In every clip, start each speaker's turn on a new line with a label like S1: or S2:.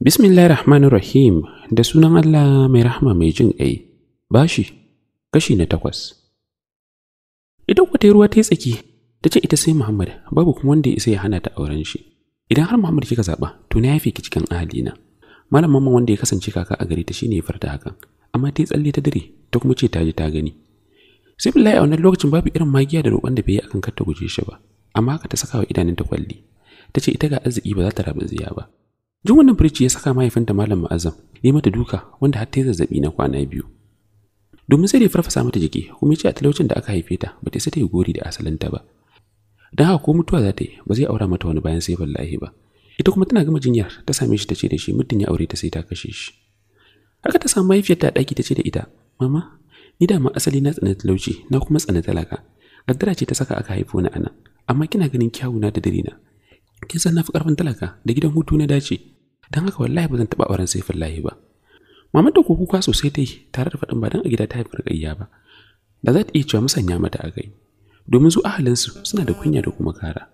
S1: Bismillahir Rahmanir Rahim da sunan Allah mai rahma mai jin ƙai, bashi, kashi na takwas. idan kuwa ruwa ta yi tsaki, ta ce ita sai Muhammad babu kuma wanda ya isa ya hana ta auren shi. Idan har Muhammad kika zaɓa, to na yafe ki cikin ahalina. Malam mamman wanda ya kasance kaka a gari ta shine ya farta hakan, amma ta yi tsalle ta dare, ta kuma ce ta ji ta gani. sai billahi a wannan lokacin babu irin magiya da roƙon da bai yi akan kar ta guje shi ba amma haka ta saka wa idanunta kwalli ta ce ita ga arziki ba za ta rabu ziya ba jin wannan firci ya saka mahaifinta malam ma'azam ne mata duka wanda har ta yi zazzabi na kwana biyu domin sai da ya farfasa mata jiki kuma ya ce a talaucin da aka haife ta ba ta isa ta yi gori da asalinta ba don haka ko mutuwa za ta yi ba zai aura mata wani bayan sai lahi ba ita kuma tana gama jinyar ta same shi ta ce da shi muddin ya aure ta sai ta kashe shi haka ta samu mahaifiyarta a ɗaki ta ce da ita mama ni da ma asali na tsana talauci na kuma tsana talaka kaddara ce ta saka aka haifo ni ana amma kina ganin kyawuna da dare na kin san na fi karfin talaka da gidan hutu na dace dan haka wallahi ba zan taba auren sai fillahi ba Maman da kuka sosai ta yi tare da faɗin ba dan a gida ta haifar gayya ba da za ta iya cewa musanya mata a gai domin su su suna da kunya da kuma kara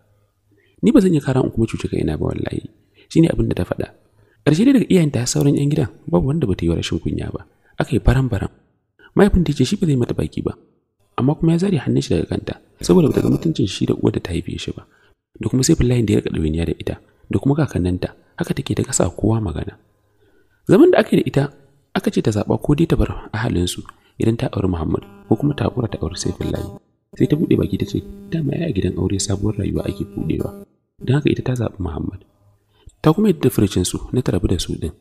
S1: ni ba zan yi kara in kuma cuci kaina ba wallahi shine abin da ta faɗa ƙarshe dai daga iyayenta sauran 'yan gidan babu wanda bata yi wa rashin kunya ba aka yi mahaifin ta ce shi ba zai mata baki ba amma kuma ya zare hannun shi daga kanta saboda bata ga mutuncin shi da uwar da ta haife shi ba da kuma sai fillahin da ya rika ɗawainiya da ita da kuma kakanninta haka take da kasa kowa magana zaman da aka yi da ita aka ce ta zaɓa ko dai ta bar ahalinsu idan ta auri Muhammad ko kuma ta kura ta auri Saifullahi sai ta buɗe baki ta ce dama ya a gidan aure sabuwar rayuwa ake buɗewa don haka ita ta zaɓi Muhammad ta kuma yadda furcin su na tarabu da su ɗin.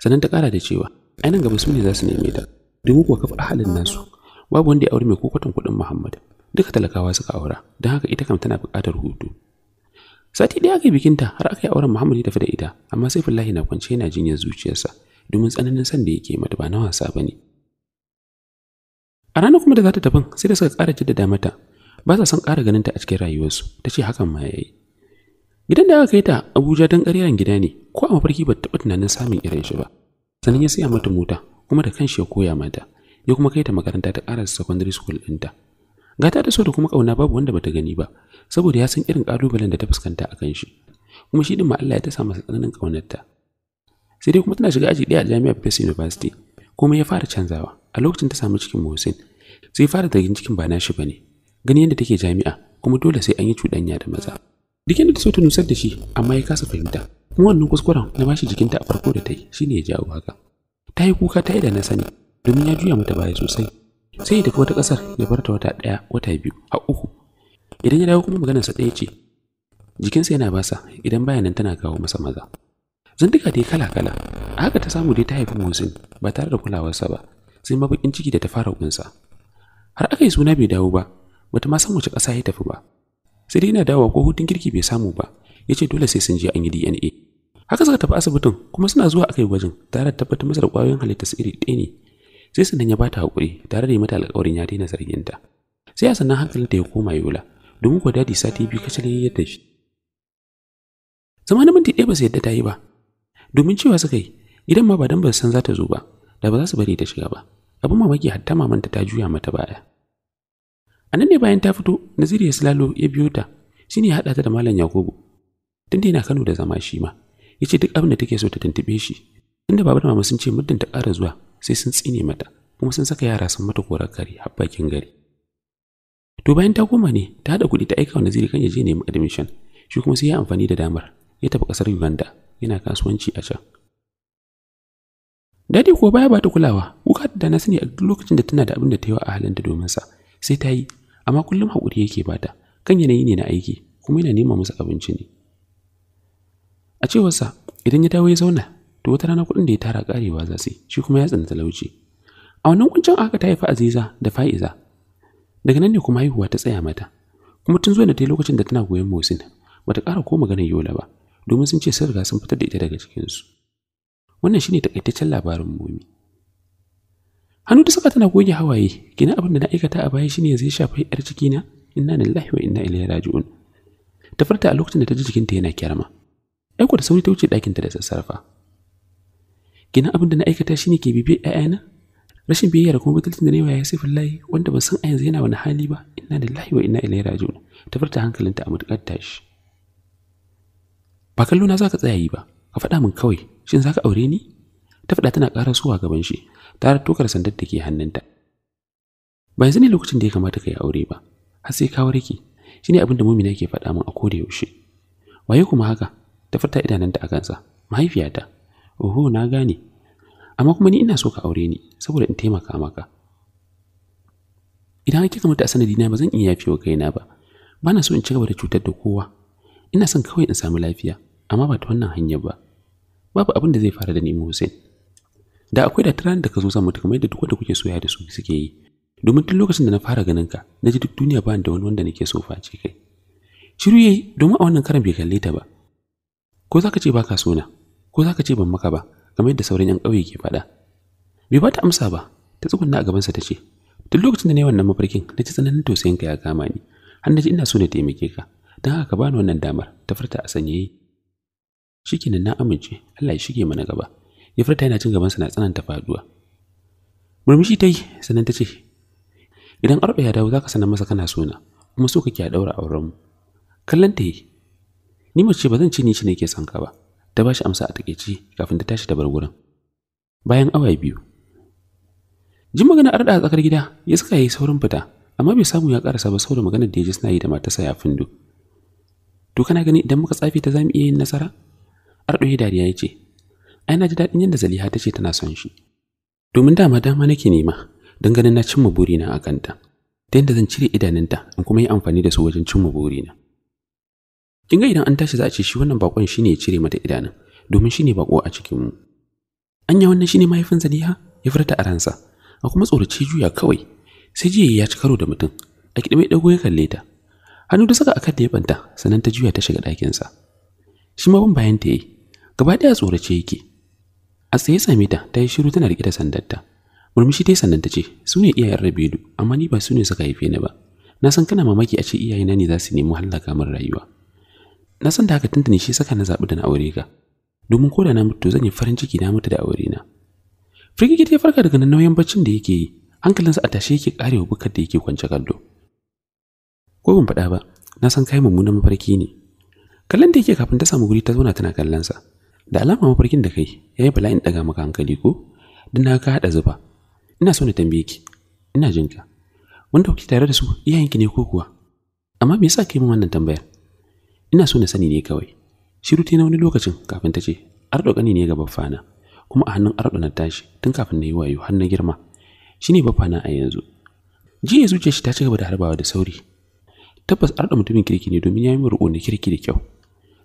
S1: sannan ta ƙara da cewa ainihin gaba su ne za su neme ta domin kuwa kafa halin nasu babu wanda ya aure mai kokotan kuɗin Muhammad duka talakawa suka aura don haka ita kam tana buƙatar hutu sati ɗaya aka yi bikinta har aka yi auren Muhammad ya tafi da ita amma sai Fillahi na kwance yana jinyar zuciyarsa domin tsananin san da yake mata ba na wasa bane a ranar kuma da za ta tafin sai da suka ƙara jaddada mata ba sa son ƙara ganin ta a cikin rayuwarsu ta ce hakan ma yayi gidan da aka kai ta Abuja dan ƙaryar gida ne ko a mafarki ba ta taɓa tunanin samun irin shi ba sannan ya siya mata mota kuma da kanshi ya koya mata ya kuma kai ta makaranta ta karasa secondary school dinta gata da so da kuma kauna babu wanda bata gani ba saboda ya san irin kalubalen da ta fuskanta a kan shi kuma shi din ma Allah ya ta samu masa tsananin kaunarta sai dai kuma tana shiga aji ɗaya a jami'ar Pace University kuma ya fara canzawa a lokacin ta samu cikin Mohsin sai fara zargin cikin ba nashi bane gani yadda take jami'a kuma dole sai an yi cuɗanya da maza duk inda ta so ta nusar da shi amma ya kasa fahimta kuma wannan kuskuren na bashi jikinta a farko da ta yi shine ya jawo haka ta yi kuka ta yi da na sani domin ya juya mata baya sosai sai ya tafi wata ƙasar ya bar ta wata ɗaya wata biyu a uku idan ya dawo kuma maganarsa ɗaya ce jikinsa yana basa idan bayanan tana kawo masa maza zindika dai kala-kala a haka ta samu dai ta haifi musin ba tare da kulawarsa ba sai mabakin ciki da ta fara kunsa har aka yi suna bai dawo ba wata ma san wace ƙasa ya tafi ba sai dai yana dawowa ko hutun kirki bai samu ba ya ce dole sai sun je an yi dna haka suka tafi asibitin kuma suna zuwa akai gwajin tare da tabbatar masa da ƙwayoyin su iri ɗaya ne sai sannan ya ba ta haƙuri tare da yi mata alƙawarin ya daina ta sai a sannan hankalinta ya koma yola domin kuwa dadi sati biyu kacal ya yadda shi zama na minti ɗaya ba su yadda ta yi ba domin cewa suka yi gidan ma ba dan ba san za ta zo ba da ba za su bari ta shiga ba abin mamaki hatta mamanta ta juya mata baya a nan ne bayan ta fito naziri ya silalo ya biyo ta shine ya haɗa ta da malam yakubu tun da yana kano da zama shi ma ya ce duk abin da take so ta tuntuɓe shi inda baba da mama sun ce muddin ta ƙara zuwa sai sun tsine mata kuma sun saka yara sun mata korar kare har bakin gari to bayan ta koma ne ta haɗa kuɗi ta aika wa naziri kan ya je nemi admission shi kuma sai ya amfani da damar ya tafi ƙasar uganda yana kasuwanci a can dadi kuwa baya ba ta kulawa kuka da na sani a duk lokacin da tana da abin da ta yi wa ta domin sa sai ta yi amma kullum hakuri yake bata kan yanayi ne na aiki kuma yana nema musu abinci ne a cewarsa idan ya dawo ya zauna to wata rana kuɗin da ya tara karewa za su yi shi kuma ya tsana talauci a wannan kuncin aka ta haifi aziza da fa'iza daga nan ne kuma haihuwa ta tsaya mata kuma tun zuwa da ta yi lokacin da tana goyon ba bata kara ko maganar Yola ba domin sun ce sun riga sun fitar da ita daga cikinsu wannan shine takaitaccen labarin momi hannu ta saka tana goge hawaye gina abin da na aikata a baya shine zai shafi yar cikina inna lillahi wa inna ilaihi raji'un ta farta a lokacin da ta ji jikinta yana kyarma Aiko da sauri ta wuce ɗakinta da sassarfa. Gina abin da na aikata shi ne ke bibi ‘ya'yana? Rashin biyayya da kuma butulcin da na yi ya sifin layi wanda ban san a yanzu yana wani hali ba, ina da lahiwa wa ina ilai rajo ta furta hankalinta a matuƙar tashi. Ba kallo na za ka tsaya yi ba, ka faɗa min kawai, shin za ka aure ni? ta faɗa tana ƙara suwa gaban shi tare tokar sandar da ke hannunta ba yanzu ne lokacin da ya kamata ka yi aure ba har sai ka warke ne abin da mumina ke faɗa min a kodayaushe. yaushe waye kuma haka ta furta idananta a kansa mahaifiyata oho na gane amma kuma ni ina so ka aure ni saboda in taimaka maka idan ake mutu a sanadina ba zan iya yafewa kaina ba ba na so in ci gaba da cutar da kowa ina son kawai in samu lafiya amma ba ta wannan hanyar ba babu abin da zai fara da nemo Hussein da akwai da tiran da ka zo zan mutu kamar yadda duk wanda kuke soya da su suke yi domin tun lokacin da na fara ganin ka na ji duk duniya ba da wani wanda nake so face kai shiru yayi domin a wannan karan bai kalle ta ba ko za ka ce baka sona ko za ka ce ban maka ba kamar yadda sauran yan ƙauye ke faɗa bai ba ta amsa ba ta tsugunna a gabansa ta ce duk lokacin da na wannan mafarkin na ci tsananin tausayinka ya kama ni har na ji ina so na taimake ka don haka ka bani wannan damar ta furta a sanyaye kenan na amince Allah ya shige mana gaba ya furta yana cin gabansa na tsananta faduwa murmushi ta yi sannan ta ce idan arba ya dawo za ka sanar masa kana sona kuma so kake a daura aurenmu kallon ta yi ni mace ba zan ce ni shi ne ke son ba ta ba shi amsa a takeici kafin ta tashi ta bar gurin bayan awa biyu jin magana arda a tsakar gida ya suka yi saurin fita amma bai samu ya karasa ba saboda maganar da ya ji suna yi da matarsa ya findo. to kana gani idan muka tsafi ta zamu iya yin nasara ardo ya dariya ya ce ai na ji daɗin yadda zaliha ta ce tana son shi domin dama dama nake nema don ganin na cimma burina a kanta ta yadda zan cire idanunta in kuma yi amfani da su wajen cimma burina kin ga idan an tashi za a ce shi wannan bakon shine ya cire mata idanun domin shi shine bako a cikin mu anya wannan shine mahaifin Zaliha ya furta a ransa a kuma tsorace juya kawai sai jiya ya ci karo da mutum a mai dago ya kalle ta hannu da saka akan da ya banta sannan ta juya ta shiga ɗakin sa shi ma ban bayan ta yi gaba daya tsorace yake a tsaye same ta ta yi shiru tana riƙe da sandarta murmushi ta yi sannan ta ce su ne iyayen rabidu amma ni ba su ne suka haife ni ba na san kana mamaki a ce iyayena ne za su nemi hallaka min rayuwa na san da haka tuntuni shi saka na zaɓi da na aure ka domin ko da na mutu zan yi farin ciki na mutu da aure na firgigit ya farka daga nauyin baccin da yake yi hankalinsa a tashe yake karewa bukar da yake kwance kallo ko ban faɗa ba na san kai mummunan mafarki ne kallon da yake kafin ta samu guri ta zauna tana sa. da alama mafarkin da kai ya yi bala'in ɗaga maka hankali ko don na ka haɗa zuba ina so na tambaye ki ina jinka wanda kuke tare da su iyayenki ne ko kuwa amma me yasa kai min wannan tambayar ina so na sani ne kawai shiru ta na wani lokacin kafin ta ce ardo gani ne ga baffana kuma a hannun ardo na tashi tun kafin na yi wayo har na girma shine baffana a yanzu jiya zuciyar shi ta ci gaba da harbawa da sauri tabbas ardo mutumin kirki ne domin ya yi roƙo na kirki da kyau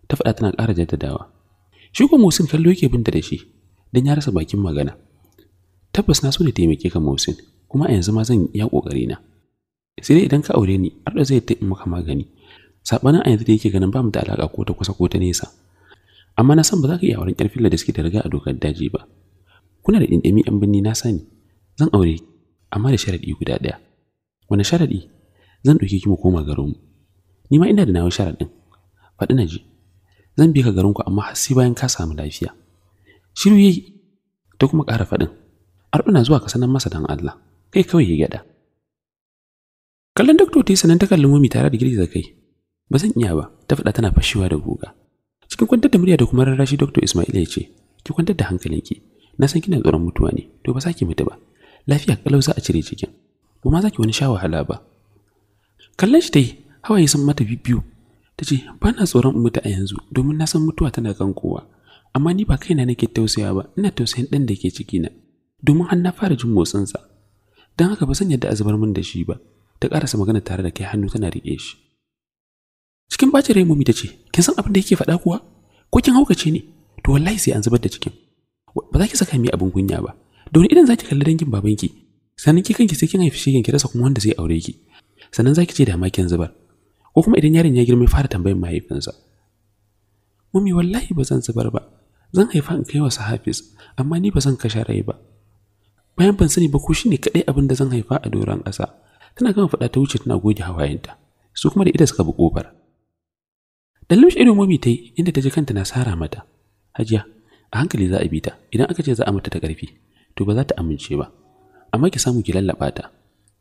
S1: ta faɗa tana ƙara jaddadawa shi ko musin kallo yake binta da shi don ya rasa bakin magana tabbas na so da taimake ka musin kuma a yanzu ma zan iya ƙoƙarina sai dai idan ka aure ni ardo zai ta maka magani sabanin a yanzu da yake ganin ba mu da alaka ko ta kusa ko ta nesa amma na san ba za ka iya auren ƙyar da suke da riga a dokar daji ba kuna da ɗinɗimi yan binni na sani zan aure amma da sharaɗi guda ɗaya wani sharaɗi zan ɗauke ki mu koma garinmu ni ma ina da nawa sharaɗin faɗi na ji zan bi ka garin ku amma har sai bayan ka samu lafiya shiru yayi ta kuma ƙara faɗin arɗuna zuwa ka sanar masa dan Allah kai kawai ya gyaɗa kallon dakto ta yi sanan ta kallon mumi tare da girgiza kai ba zan iya ba ta faɗa tana fashewa da guga cikin kwantar da murya da kuma rarrashi dr ismail ya ce ki kwantar da hankalinki na san kina tsoron mutuwa ne to ba za ki mutu ba lafiya kalau za a cire cikin ba ma za ki wani sha wahala ba kallon shi ta yi hawaye sun mata biyu ta ce ba na tsoron mutu a yanzu domin na san mutuwa tana kan kowa amma ni ba kaina nake tausaya ba ina tausayin ɗan da ke na domin har na fara jin motsinsa don haka ba san yadda a zubar min da shi ba ta ƙarasa magana tare da kai hannu tana riƙe shi cikin bacin rai mummi ta ce kin san abin da yake faɗa kuwa ko kin ce ne to wallahi sai an zubar da cikin ba za ki saka mi abin kunya ba don idan za ki kalli dangin babanki sannan ki kanki sai kin haifi shegen ki rasa kuma wanda zai aure ki sannan za ki ce da ma kin zubar ko kuma idan yaron ya girma fara tambayin mahaifinsa mummi wallahi ba zan zubar ba zan haifa in kai wa Hafiz amma ni ba zan kashe rai ba bayan ban sani ba ko shine kadai abin da zan haifa a doron ƙasa tana gama faɗa ta wuce tana goge hawayenta su kuma da ita suka bi kofar Dan lumshi irin mami ta yi inda ta ji kanta na sara mata. Hajiya, a hankali za a bi ta idan aka ce za a mata ta ƙarfi, to ba za ta amince ba. Amma ki samu ki lallaba ta.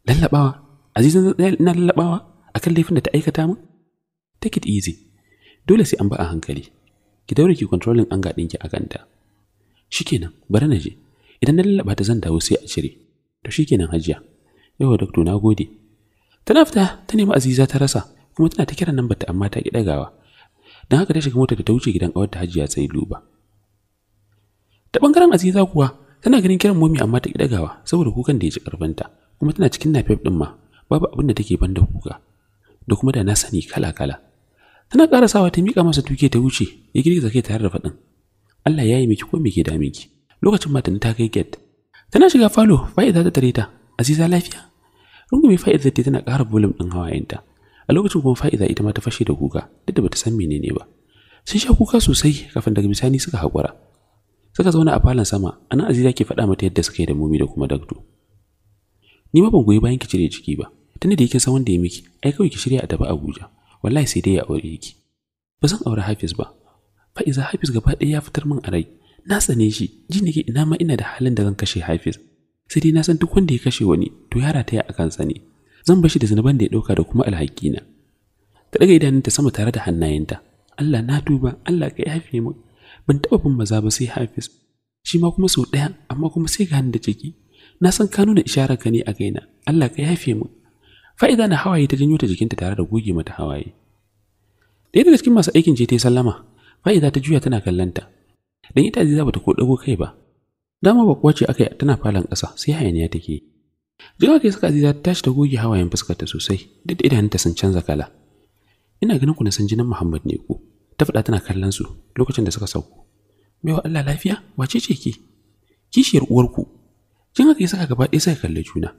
S1: lallabawa? Azizan ina lallabawa akan laifin da ta aikata min? Take it easy. Dole sai an ba a hankali. Ki daure ki controlling anga ɗinki a kanta. Shikenan, bari na je. Idan na lallaba ta zan dawo sai a cire. To shikenan Hajiya. Yawa doctor na gode. Tana fita ta nemi Aziza ta rasa kuma tana ta kiran nan bata amma ta ki ɗagawa. don haka ta shiga motar da ta wuce gidan ƙawarta hajiya sai luba ta ɓangaren aziza kuwa tana ganin kiran momi amma ta kidagawa saboda kukan da ya ji ta kuma tana cikin nafef ɗin ma babu abin da take banda kuka da kuma da na sani kala-kala tana sawa ta mika masa tuke ta wuce ya girgiza kai tare da faɗin Allah ya yi miki ko me ke dame miki? lokacin matan ta kai get tana shiga falo fa'iza ta tare ta aziza lafiya rungume fa'iza ta tana ƙara volume ɗin hawayenta a lokacin kuma fa'iza ita ma ta fashe da kuka duk da bata san menene ba sun sha kuka sosai kafin daga bisani suka haƙura suka zauna a falon sama ana aziza ke faɗa mata yadda suka yi da mumi da kuma dakto ni ma ban goyi bayan ki cire ciki ba tunda da yake san wanda ya miki ai kawai ki shirya a tafi Abuja wallahi sai dai ya aure ki ba zan aure Hafiz ba fa'iza Hafiz gaba ɗaya ya fitar min a rai na tsane shi ji nake ina ma ina da halin da zan kashe Hafiz sai dai na san duk wanda ya kashe wani to yara ta a akan sani zan bashi da zunuban da ya dauka da kuma alhakina ta daga idanunta sama tare da hannayenta Allah na duba Allah ka yafe mu ban taba bin maza ba sai Hafiz shi ma kuma sau ɗaya amma kuma sai ga da ciki na san ka nuna isharar ka ne a gaina. Allah ka yafe min fa'ida na hawaye ta janyo ta jikinta tare da goge mata hawaye ɗaya daga cikin masu aikin ce ta yi sallama fa'ida ta juya tana kallanta dan ita ba ta ko dago kai ba dama ba kuwa ce akai tana falon ƙasa sai hayaniya take Gama da suka ziza ta tashi ta goge hawayen ta sosai, duk da idanunta sun canza kala. Ina ganin ku na san jinin Muhammad ne ku. Ta faɗa tana kallon su lokacin da suka sauko. mai wa Allah lafiya, wace ce ki? Kishiyar uwar ku. Jin haka ya saka gaba ɗaya suka kalli juna.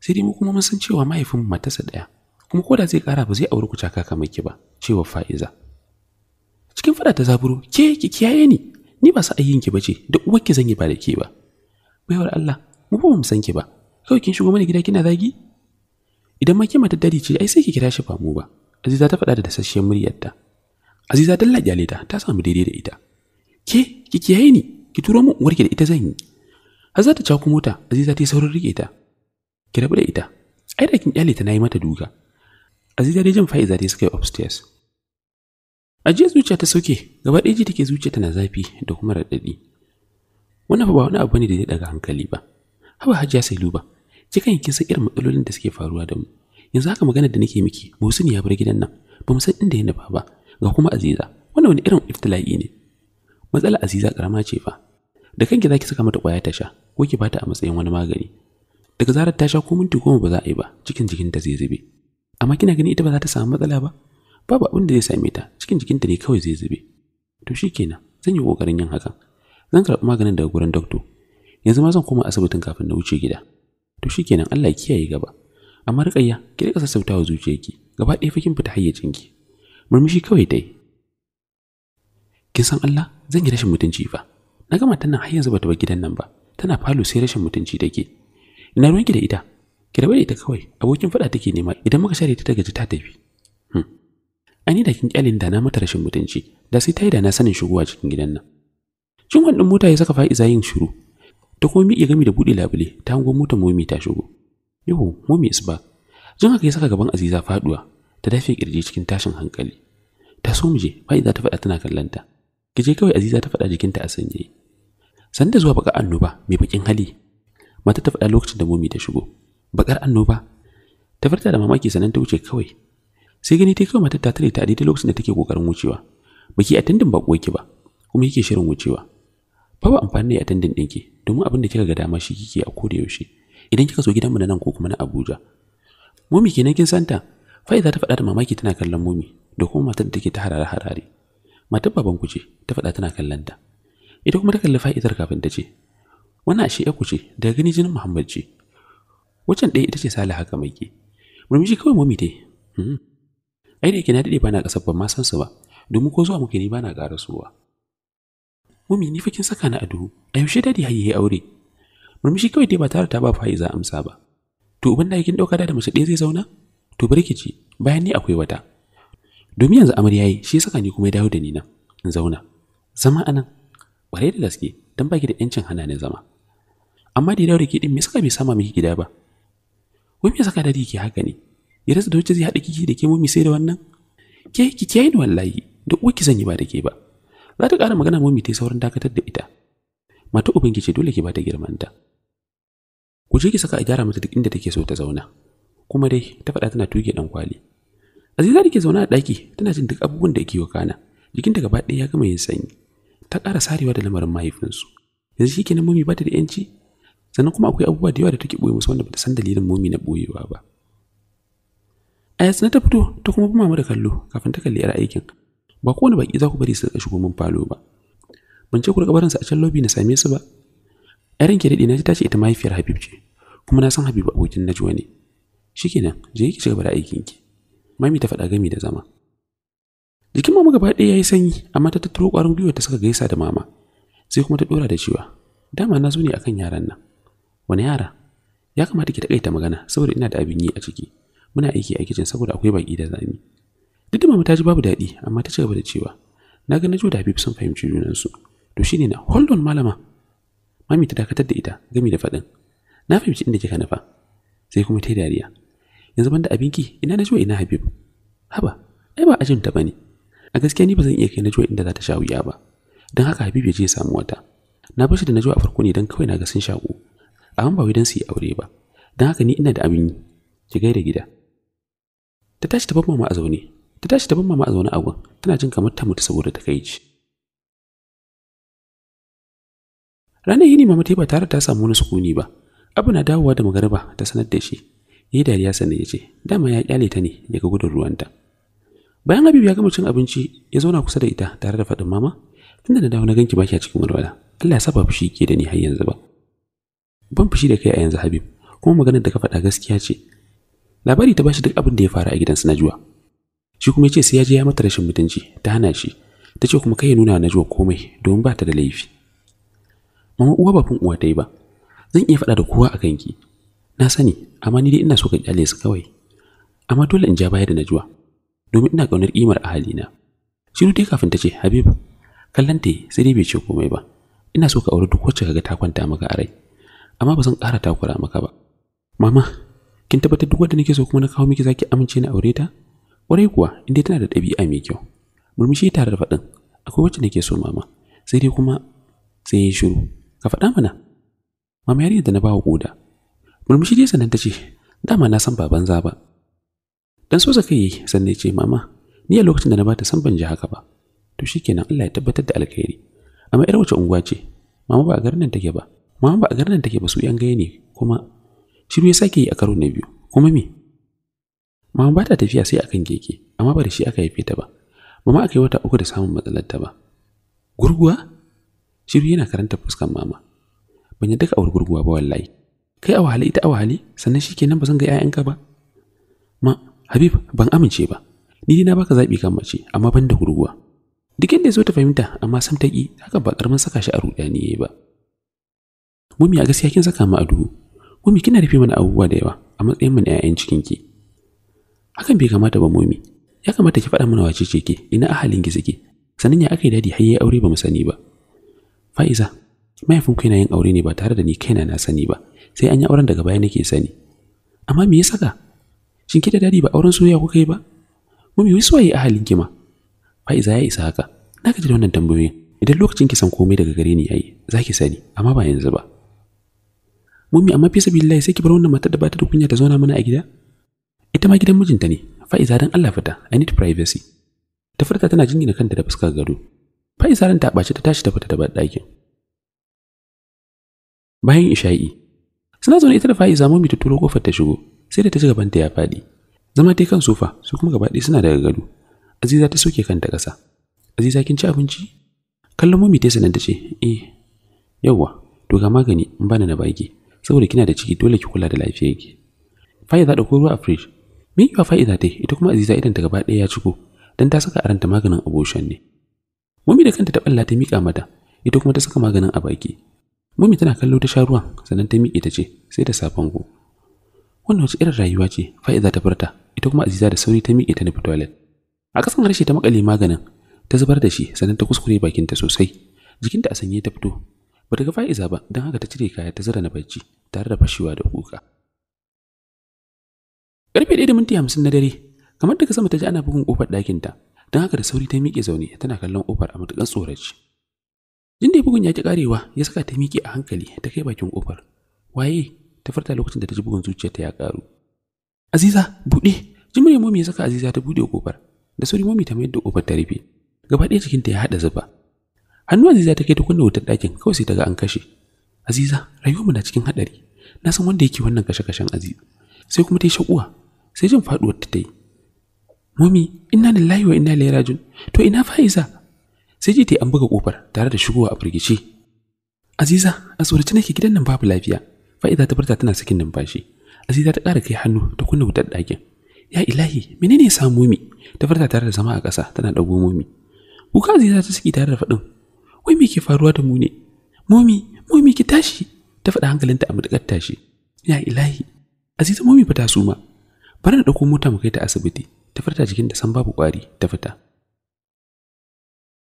S1: Sai dai mu kuma mun san cewa mahaifin matarsa ɗaya. kuma ko da zai kara ba zai auri ku caka kamar ki ba cewa fa'iza cikin fada ta zaburo ke ki kiyaye ni ni ba sa ayyinki ki bace duk uwar ki zan yi ba da ke ba baiwar Allah mu ba mu san ki ba kawai kin shigo mana gida kina zagi idan ma ke mata dadi ce ai sai ki kira shi ba ba aziza ta faɗa da dasasshiyar muryarta aziza dalla gyale ta ta samu daidai da ita ke ki kiyaye ni ki turo min uwarki da ita zan yi har za ta cako mota aziza ta yi saurin rike ta ki rabu da ita ai da kin kyale ta nayi mata duka aziza dai jin fa'iza dai suka yi upstairs ajiya zuciya ta sauke gaba ɗaya ji take zuciya tana zafi da kuma raɗaɗi wannan ba wani abu ne da zai daga hankali ba haba hajiya sai luba kikan kin san irin matsalolin da suke faruwa da mu yanzu haka magana da nake miki Musin ya bar gidan nan ba mu san inda ya nufa ba ga kuma Aziza wannan wani irin iftila'i ne Matsala Aziza karama ce fa da kanki zaki saka mata kwaya ta sha ko ki bata a matsayin wani magani daga zarar ta sha ko minti goma ba za a yi ba cikin jikinta zai zube amma kina gani ita ba za ta samu matsala ba babu abin da zai same ta cikin jikin ta ne kawai zai zube to kenan, zan yi kokarin yin hakan zan karɓi maganin daga gurin doctor yanzu ma zan koma asibitin kafin na wuce gida to kenan Allah ya kiyaye gaba amma rikayya ki rika sassautawa zuciyarki gaba ɗaya fa kin fita hayyacinki murmushi kawai dai kin san Allah zan yi rashin mutunci fa na gama tana har yanzu bata bar gidan nan ba tana falo sai rashin mutunci take ina ruwanki da ita ki rabu da ita kawai abokin faɗa take nema idan muka share ta daga gaji ta tafi hmm. ani da kin kyalin da na mata rashin mutunci da sai ta yi da na sanin shigowa cikin gidan nan shin wannan mota ya saka fa'iza yin shiru ta kuma miƙe gami da buɗe labule ta hango motar momi ta shigo yau momi isba jin haka ya saka gaban aziza faduwa ta dafe kirji cikin tashin hankali ta so mu je fa'iza ta faɗa tana kallanta ki je kawai aziza ta faɗa jikinta a sanye da zuwa bakar annoba mai bakin hali mata ta faɗa lokacin da momi ta shigo bakar annoba ta farta da mamaki sanan ta wuce kawai sai gani ta kawai matar ta tare ta a daidai lokacin da take kokarin wucewa baki a tindin ba yake ba kuma yake shirin wucewa babu amfani da attendant ɗinki domin abin da kika ga dama shi kike a koda yaushe idan kika zo gidanmu na nan ko kuma na Abuja Mumi kenan kin santa Faiza ta faɗa da mamaki tana kallon Mumi da kuma matar da take ta harare harare matar baban ku ce ta faɗa tana kallon ta ita kuma ta kalli fa'idar kafin ta ce wannan ashe ku ce daga gani jinin Muhammad ce wacan ɗaya ita ce Salihu haka mai ke murmushi kawai Mumi dai hmm. ai da yake na daɗe ba na ƙasar ban ma san su ba domin ko zuwa muke ni ba na ƙara suwa mumi ni fa saka na a duhu a yaushe dadi har ya aure murmushi kawai dai ba tare ta ba fa'iza amsa ba to uban da kin dauka da mace ɗaya zai zauna to barki ci bayan ni akwai wata domin yanzu amarya yi shi saka ni kuma ya dawo da ni na. in zauna zama anan ƙwarai da gaske dan baki da yancin hana ni zama amma da ya dawo da ke din me saka bai sama miki gida ba wai me saka dadi ki haka ne ya rasa da wacce zai haɗa kiki da ke mumi sai da wannan ke ki kiyaye ni wallahi da uwa ki zanyi ba da ke ba za ta ƙara magana momi ta saurin dakatar da ita mata ubangiji dole ki ba ta girmanta ku je ki saka a gyara mata duk inda take so ta zauna kuma dai ta faɗa tana tuge ɗan kwali aziza da ke zauna a ɗaki tana jin duk abubuwan da ake wakana jikinta gaba ɗaya ya gama yin sanyi ta ƙara sarewa da lamarin mahaifinsu yanzu shi kenan momi ba ta da yanci sannan kuma akwai abubuwa da yawa da take ɓoye musu wanda bata san dalilin momi na ɓoyewa ba a na ta fito ta kuma bi mama da kallo kafin ta kalli 'yar aikin ba kowane baki za ku bari su rika shigo mun falo ba ban ce ku rika barin su a can lobby na same su ba yaran ki dade na ji ta ce ita mahaifiyar Habib ce kuma na san Habib abokin na Najwa ne shikenan je ki ci gaba da aikin ki mami ta faɗa gami da zama jikin mama gaba ɗaya yayi sanyi amma ta tattaro ƙwarin gwiwa ta saka gaisa da mama sai kuma ta dora da cewa dama na zo ne akan yaran nan wani yara ya kamata ki ta magana saboda ina da abin yi a ciki muna aiki a kicin saboda akwai baki da zani duk da mama ta ji babu daɗi amma ta ci gaba da cewa na ga najo da habib sun fahimci junansu to shine na hold on malama mami ta dakatar da ita gami da faɗin na fahimci inda kika nafa. sai kuma ta yi dariya yanzu banda abinki ina najo ina habib haba ai ba ajin ta bane a gaskiya ni ba zan iya kai najo inda za ta sha wuya ba don haka habib ya je ya samu wata na bashi da najo a farko ne don kawai na ga sun shaku amma ba wai don su yi aure ba don haka ni ina da abin yi ki gaida gida ta tashi ta bar mama a zaune ta tashi ta ban mama a zaune a gun tana jin kamar ta mutu saboda ta kai ci ranar yini mama ta ba tare ta samu wani sukuni ba abu na dawowa da magariba ta sanar da shi yi dariya sannan ya ce dama ya kyale ta ne daga gudun ruwanta bayan habib ya gama cin abinci ya zauna kusa da ita tare da faɗin mama tunda na dawo na ganki baki a cikin walwala Allah ya saba fushi ke da ni har yanzu ba ban fushi da kai a yanzu habib kuma maganar da ka faɗa gaskiya ce labari ta bashi duk abin da ya faru a gidan Najuwa. shi kuma ya ce sai ya je ya mata rashin mutunci ta hana shi ta ce kuma kai nuna na jiwa komai domin ba ta da laifi mama uwa ba fin uwa ta yi ba zan iya faɗa da kowa a kanki na sani amma ni dai ina so ka kyale su kawai amma dole in ja baya da najuwa domin ina ƙaunar ƙimar ahalina shi dai kafin ta ce habib kallon ta sai dai bai ce komai ba ina so ka aure duk wacce kaga ta kwanta maka a rai amma ba zan ƙara takura maka ba mama kin tabbatar duk wanda nake so kuma na kawo miki zaki amince na aure ta Ƙwarai kuwa, inda tana da ɗabi'a mai kyau. Murmushi tare da faɗin, akwai wacce nake so mama, sai dai kuma sai ya shiru. Ka faɗa mana. Mama yarinya da na bawa ƙuda. Murmushi dai sannan ta ce, dama na san baban za ba. Dan so zaka yi sannan ya ce mama, ni a lokacin da na bata san ban ji haka ba. To shi kenan Allah ya tabbatar da alkhairi. Amma 'yar wace unguwa ce? Mama ba a garin nan take ba. Mama ba a garin nan take ba su yan gaya ne kuma shiru ya sake yi a karo na biyu. Kuma me? Mama ba ta tafiya sai akan keke, amma ba shi aka haife ta ba. Mama aka yi wata uku da samun matsalar ta ba. Gurguwa? Shiru yana karanta fuskan mama. Ban yadda ka auri gurguwa ba wallahi. Kai a wahale ita a wahale, sannan shi kenan ba zan ga 'ya'yanka ba. Ma, Habib, ban amince ba. Ni dai na baka zaɓi kan mace, amma ban da gurguwa. Duk yadda ya so ta fahimta, amma sam ta ƙi, haka ba ƙaramin saka shi a ruɗani ya yi ba. Mummy a gaskiya kin saka mu a duhu. Mummy kina rufe mana abubuwa da yawa a matsayin mu na 'ya'yan cikin ki. hakan bai kamata ba momi ya kamata ki faɗa mana wace ce ke ina ahalin ki suke sanin ya aka dadi har yayi aure ba mu sani ba fa'iza ku yana yin aure ne ba tare da ni kaina na sani ba sai an yi auren daga baya nake sani amma me ya saka shin ki da dadi ba auren soyayya kuka yi ba mumi wai soyayya ahalin ki ma fa'iza ya isa haka na gaji da wannan tambayoyin idan lokacin ki san komai daga gare ni yayi zaki sani amma ba yanzu ba mami amma fi sabilillahi sai ki bar wannan matar da ba ta da kunya ta zauna mana a gida ita ma gidan mijinta ne fa'iza dan Allah fita i need privacy ta furta tana jingina kanta da fuska gado fa'iza ran ta bace ta tashi ta fita bar ɗakin bayan isha'i suna zaune ita da fa'iza mu ta turo kofar ta shigo sai da ta ci gaban ta ya faɗi zama ta kan sofa su kuma gaba ɗaya suna daga gado aziza ta soke kanta ƙasa aziza kin ci abinci kallon mu ta sanar ta ce eh yawwa to ga magani in bana na baki saboda kina da ciki dole ki kula da lafiyarki fa'iza ɗauko ruwa a fridge Me fa'iza fa'ida dai ita kuma Aziza idan ta gaba ɗaya ya ciko don ta saka aranta maganin abushan ne. Mummy da kanta ta balla ta mika mata ita kuma ta saka maganin a baki. Mummy tana kallo ta sha ruwan sannan ta miƙe ta ce sai da safan ku. Wannan wace irin rayuwa ce fa'iza ta furta ita kuma Aziza da sauri ta miƙe ta nufi toilet. A kasan harshe ta makale maganin ta zubar da shi sannan ta kuskure bakinta sosai jikinta a sanye ta fito bata ga fa'iza ba don haka ta cire kaya ta zura na bacci tare da fashewa da kuka Karfe ɗaya da minti hamsin na dare, kamar daga sama ta ji ana bugun kofar ɗakin ta don haka da sauri ta miƙe zaune tana kallon ƙofar a matuƙar tsoraci. Jin da bugun ya ki karewa ya saka ta miƙe a hankali ta kai bakin kofar Waye ta farta lokacin da ta ji bugun ta ya karu Aziza, buɗe! Jimre momi ya saka Aziza ta buɗe kofar Da sauri momi ta mayar da ƙofar ta rufe. Gaba ɗaya jikinta ya haɗa zuba. Hannu Aziza ta kai ta kunna wutar ɗakin kawai sai ta ga an kashe. Aziza, rayuwarmu na cikin haɗari. Na san wanda yake wannan kashe-kashen Aziza. Sai kuma ta yi shakuwa sai jin faduwar ta yi mumi ina da layuwa ina da rajiun to ina fa'iza sai ji ta an buga kofar tare da shigowa a firgice aziza a tsorace nake gidan nan babu lafiya fa'iza ta furta tana sakin numfashi aziza ta ƙara kai hannu ta kunna wutar ɗakin ya ilahi menene ya samu mumi ta furta tare da zama a ƙasa tana ɗago mumi kuka aziza ta saki tare da faɗin wai me ke faruwa da mu ne mumi mumi ki tashi ta faɗa hankalinta a matuƙar tashi ya ilahi aziza mumi fa ta suma bari na ɗauko mota mu kai ta asibiti ta furta jikin da san babu ƙwari ta fita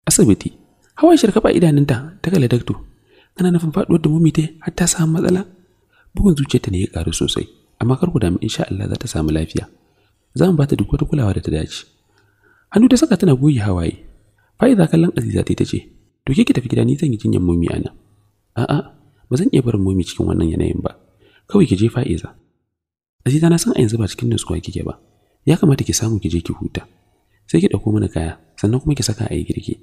S1: asibiti hawan sharkaba idanunta ta kalli dakto kana nufin faɗuwar da mummy ta har ta samu matsala bugun zuciyarta ne ya ƙaru sosai amma kar ku damu insha Allah za ta samu lafiya za mu ba ta duk wata kulawa da ta dace hannu ta saka tana goyi hawaye fa'iza kallon aziza ta ta ce to ke ki tafi gida ni zan yi jinyar a ana a'a ba zan iya barin mummy cikin wannan yanayin ba kawai ki je fa'iza Aziza na san a yanzu ba cikin nutsuwa kike ba. Ya kamata ki samu ki je ki huta. Sai ki dauko mana kaya, sannan kuma ki saka a yi girki.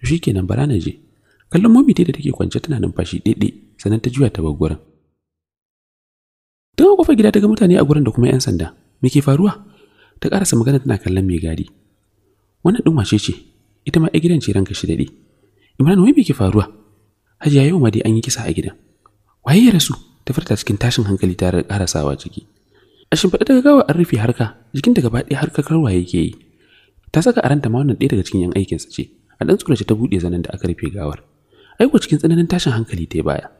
S1: To shikenan bara na je. Kallon mami da take kwance tana numfashi dede, sannan ta juya ta bar gurin. Tun kofar gida ta ga mutane a gurin da kuma 'yan sanda. Me ke faruwa? Ta karasa magana tana kallon mai gadi. Wannan ɗin wace ce? Ita ma a gidan ce ranka shi daɗi. Imran wai me ke faruwa? Hajiya yau ma dai an yi kisa a gidan. Waye ya rasu? Ta furta cikin tashin hankali tare da karasawa ciki. a shimfiɗa daga gawa an rufe harka jikinta gaba ɗaya harka karwa yake yi ta saka a ranta ma wannan ɗaya daga cikin yan aikinsa ce a ɗan tsorace ta buɗe zanen da aka rufe gawar aiko cikin tsananin tashin hankali ta baya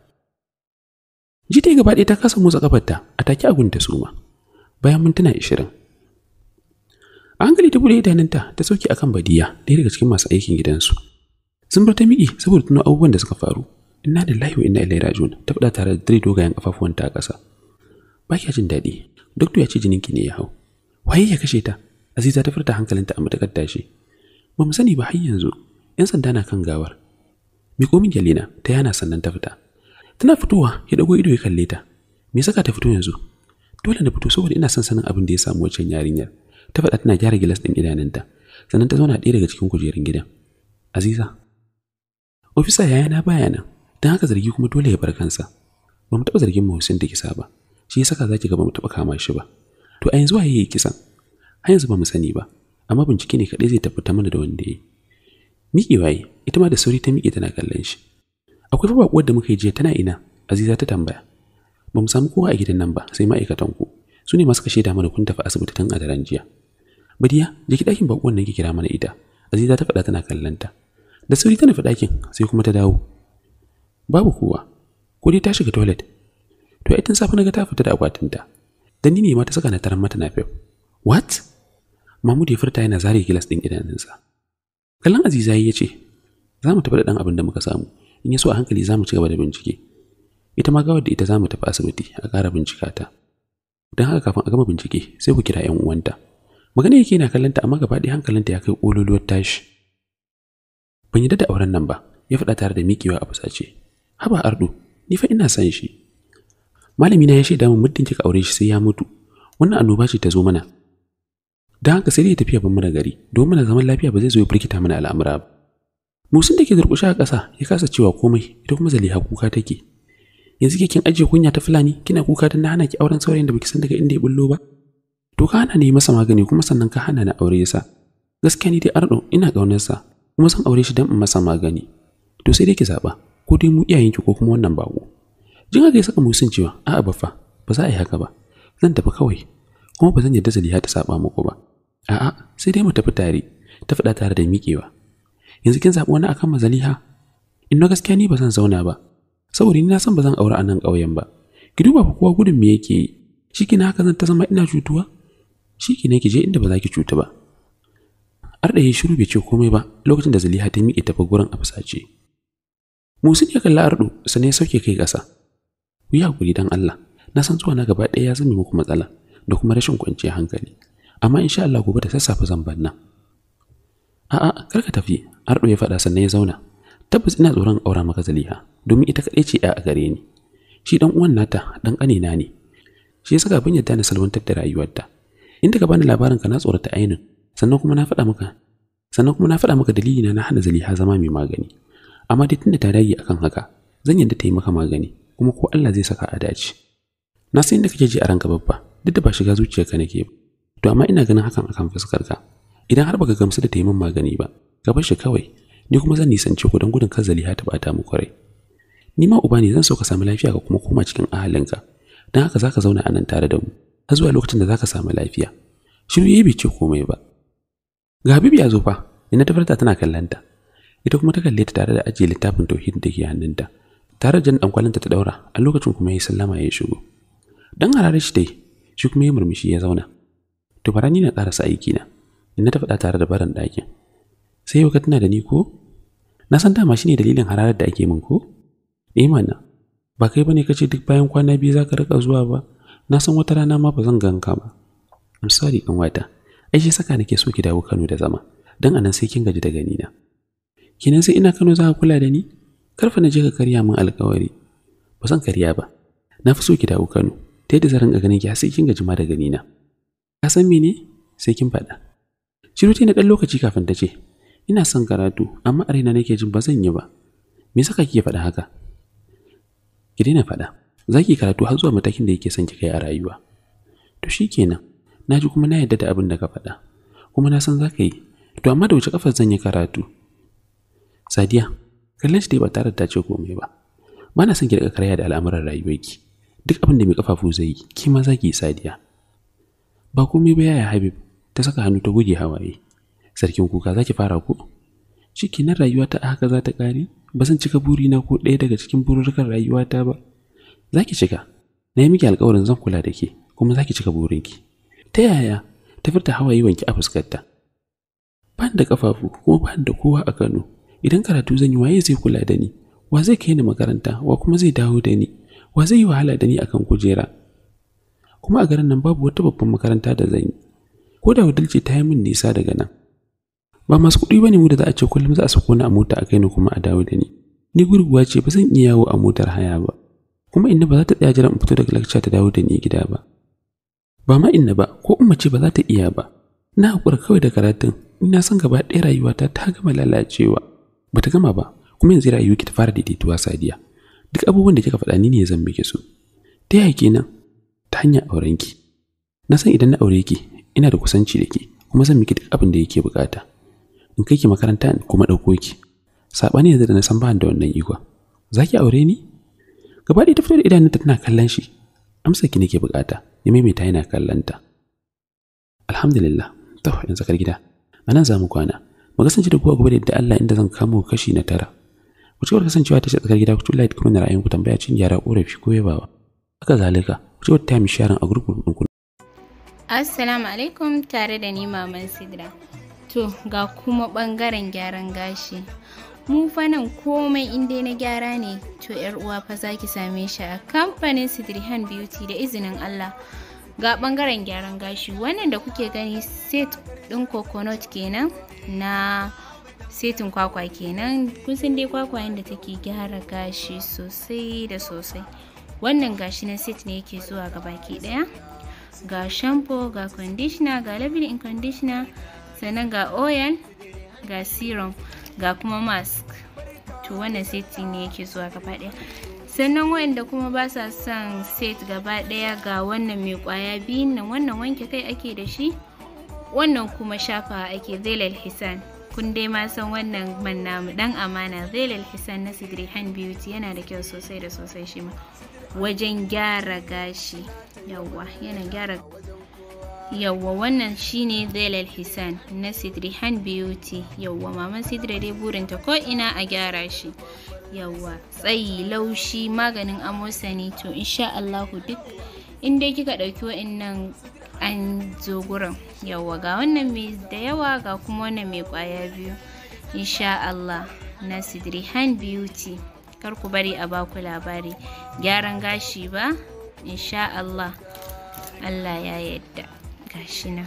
S1: ji ta gaba ɗaya ta kasa motsa ƙafarta, a take a gunta suma bayan mintuna ishirin a hankali ta buɗe idanunta ta sauke akan badiya ɗaya daga cikin masu aikin gidansu sun bar ta miƙe saboda tuno abubuwan da suka faru inna da lahiyo inna ilai raji'un ta faɗa tare da dare dogayen ƙafafuwanta a ƙasa ba kya jin daɗi dokto ya ce jininki ne ya hau waye ya kashe ta aziza ta furta hankalinta a matakar tashi ba mu sani ba har yanzu yan sanda na kan gawar miko min jalina ta yana sannan ta fita tana fitowa ya dago ido ya kalle ta me saka ta fito yanzu dole na fito saboda ina son sanin abin da ya samu wancan yarinyar ta faɗa tana gyara gilas ɗin idanunta sannan ta zauna ɗaya daga cikin kujerun gidan aziza ofisa yayana baya nan don haka zargi kuma dole ya bar kansa ba mu taɓa zargin mahusin da kisa ba shi ya saka zaki gaba mu taɓa kama shi ba to a yanzu waye yi kisan har yanzu ba mu sani ba amma bincike ne kaɗai zai tabbata mana da wanda yayi miƙe waye ita ma da sauri ta miƙe tana kallon shi akwai fa baƙuwar da muka yi jiya tana ina aziza ta tambaya ba mu samu kowa a gidan nan ba sai ma'aikatan ku su ne masu kashe da mana kun tafi asibiti tun a daren jiya badiya je ki ɗakin baƙuwar nan ki kira mana ita aziza ta faɗa tana kallon ta da sauri ta nufi ɗakin sai kuma ta dawo babu kowa ko dai ta shiga toilet to ai tun safe na ga ta fita da akwatinta dan ni ne ma ta saka na taran mata na fef what mamudu ya furta yana zare gilas din idanunsa kallon aziza ya ce za mu tafi da dan abin da muka samu in ya so a hankali za mu ci gaba da bincike ita ma gawar da ita za mu tafi asibiti a ƙara bincika ta don haka kafin a gama bincike sai ku kira 'yan uwanta magana yake na kallonta amma gaba ɗaya hankalinta ya kai ƙololuwar tashi ban yi da auren nan ba ya faɗa tare da miƙewa a fusace haba ardu ni fa ina san shi malami na ya shaida min muddin kika aure shi sai ya mutu wannan annoba ce ta zo mana dan haka sai dai tafiya ban mana gari domin na zaman lafiya ba zai zo ya firkita mana al'amura ba musun da ke durƙushe a ƙasa ya kasa cewa komai ita kuma zaliha kuka take yanzu ke kin ajiye kunya ta fulani kina kuka dan hana ki auren saurayin da baki san daga inda ya bullo ba to ka hana ne masa magani kuma sannan ka hana na aure sa gaskiya ni dai ardo ina kaunar sa kuma san aure shi dan in masa magani to sai dai ki zaɓa ko dai mu iyayenki ko kuma wannan bako jin haka ya saka musun cewa a'a ba fa ba za a yi haka ba zan tafi kawai kuma ba zan yadda zaliha ta saba muku ba a'a sai dai mu tafi tare ta faɗa tare da miƙewa yanzu kin zaɓi wani akan mazaliha in gaskiya ni ba zan zauna ba saboda ni na san ba zan aure a nan ƙauyen ba ki duba fa kowa gudun me yake yi shi kina haka zan ta zama ina cutuwa shi ne ki je inda ba za ki cutu ba arda ya shiru bai ce komai ba lokacin da zaliha ta miƙe tafi gurin a fusace musin ya kalla ardo sannan ya sauke kai kasa. ku yi hakuri dan Allah na san zuwa na gaba ɗaya ya zame muku matsala da kuma rashin kwanciyar hankali amma insha Allah gobe da sassafe zan bar a'a kar ka tafi ardo ya faɗa sannan ya zauna tabbas ina tsoron aura maka zaliha domin ita kaɗai ce a gare ni shi dan uwan nata dan ƙanina ne shi yasa kafin yadda na salwantar da rayuwarta inda ka bani labarin ka na tsorata ainin sannan kuma na faɗa maka sannan kuma na faɗa maka dalilina na hana zaliha zama mai magani amma dai tunda ta dage akan haka zan yanda ta yi maka magani kuma ko Allah zai saka a dace na san inda kake ji a ranka babba duk da ba shiga zuciyarka nake ba to amma ina ganin hakan akan fuskar ka idan har baka gamsu da taimin magani ba ka bar shi kawai ni kuma zan nisance ku don gudun kar zaliha ta bata mu kwarai. ni ma uba ne zan so ka samu lafiya ka kuma koma cikin ahalinka dan haka zaka zauna a nan tare da mu har zuwa lokacin da zaka samu lafiya shiru yayi bai ce komai ba ga habibu ya zo fa ina tafarta farta tana kallanta ita kuma ta kalle ta tare da ajiye littafin tauhid da ke hannunta tare jan dankwalinta ta daura a lokacin kuma ya sallama ya shigo dan harare shi dai shi kuma ya murmushi ya zauna to barani na na sa aiki na in na ta faɗa tare da baran ɗakin sai yau ka tana da ni ko na san dama shine dalilin hararar da ake min ko eh mana ba kai bane kace duk bayan kwana biyu zaka rika zuwa ba na san wata rana ma ba zan ganka ba I'm sorry kan wata ai shi saka nake so ki dawo Kano da zama dan anan sai kin gaji da gani na kinan sai ina Kano za ka kula da ni karfa na je ka karya min alkawari ba san karya ba na fi so ki dawo Kano ta yadda zan ganin ki har sai kin gaji ma da ganina ka san mene sai kin faɗa shiru ta na ɗan lokaci kafin ta ce ina son karatu amma a raina nake jin ba zan yi ba me saka kike faɗa haka ki daina faɗa za ki karatu har zuwa matakin da yake son ki kai a rayuwa to shikenan na ji kuma na yarda da abin da ka faɗa kuma na san za ka yi to amma da wuce kafar zan yi karatu sadiya kallon shi dai ba tare da ta ce komai ba ba na son ki daga karya da al'amuran rayuwarki duk abin da mai kafafu zai yi ki ma za ki yi sadiya ba komai ba yaya habib ta saka hannu ta goge hawaye sarkin kuka za ki fara ko ke nan rayuwata a haka za ta kare ba zan cika burina ko ɗaya daga cikin bururrukan rayuwata ba za ki cika na yi miki alkawarin zan kula da ke kuma za ki cika burinki ta yaya ta furta hawaye wanki a fuskarta ban da kafafu kuma ban da kowa a kano idan karatu zan yi waye zai kula da ni wa zai kai ni makaranta wa kuma zai dawo da ni wa zai yi wahala da ni akan kujera kuma a garin nan babu wata babban makaranta da zan yi ko da wadalci ta yi min nisa daga nan ba masu kuɗi ne mu da za a ce kullum za a sako ni a mota a kai ni kuma a dawo da ni ni gurguwa ce ba zan iya yawo a motar haya ba kuma inna ba za ta tsaya jiran in fito daga lakca ta dawo da ni gida ba ba ma inna ba ko umma ce ba za ta iya ba na haƙura kawai da karatun ina son gaba ɗaya rayuwata ta gama lalacewa bata gama ba kuma yanzu ra'ayoyi ki ta fara daidaituwa sadiya duk abubuwan da kika faɗa ni ne zan miki su ta yaya kenan ta hanya auren ki na san idan na aure ki ina da kusanci da ki kuma zan miki duk abin da yake bukata in kai ki makaranta in kuma ɗauko ki saɓani yanzu da na san ba da wannan ikon za ki aure ni gaba ɗaya ta fito da ta tana kallon shi amsa ki nake bukata ya maimaita yana kallon ta alhamdulillah to yanzu kar gida anan za mu kwana mu kasance da kowa gobe da yadda Allah inda zan kamo kashi na tara ku ci kasancewa ta tsakar gida ku tula kuma ra'ayin ku tambaya cin gyara ƙorafi ko yabawa haka zalika ku ci wata time sharing a gurbin ku
S2: assalamu alaikum tare da ni maman sidra to ga kuma bangaren gyaran gashi mu fa nan komai inda na gyara ne to yar uwa fa zaki same shi a kamfanin sidrihan beauty da izinin Allah ga bangaren gyaran gashi wannan da kuke gani set din coconut kenan na setin kwakwa kenan kun dai kwakwa yadda take gyara gashi sosai da sosai wannan gashi na set ne yake zuwa ga baki daya ga shampoo ga conditioner ga level in conditioner sannan ga oil ga serum ga kuma mask to wannan setin ne yake zuwa gaba daya sannan da kuma ba sa son set gaba daya ga wannan mai kwaya biyun nan wannan wanke kai ake da shi wannan kuma shafa ake zailal hisan kun dai ma san wannan man namu dan amana zailal hisan na sigiri hand beauty yana da kyau sosai da sosai shi ma wajen gyara gashi yawwa yana gyara yawwa wannan shine zailal hisan na sigiri hand beauty yawwa maman sidra dai burinta ko ina a gyara shi yawa tsayi laushi maganin amosani to insha Allahu duk inda dai kika ɗauki wa'innan an zo gurin yawa ga wannan mai da yawa ga kuma wannan mai kwaya biyu insha Allah na sidrihan beauty kar ku bari a baku labari gyaran gashi ba insha Allah Allah ya yadda gashi na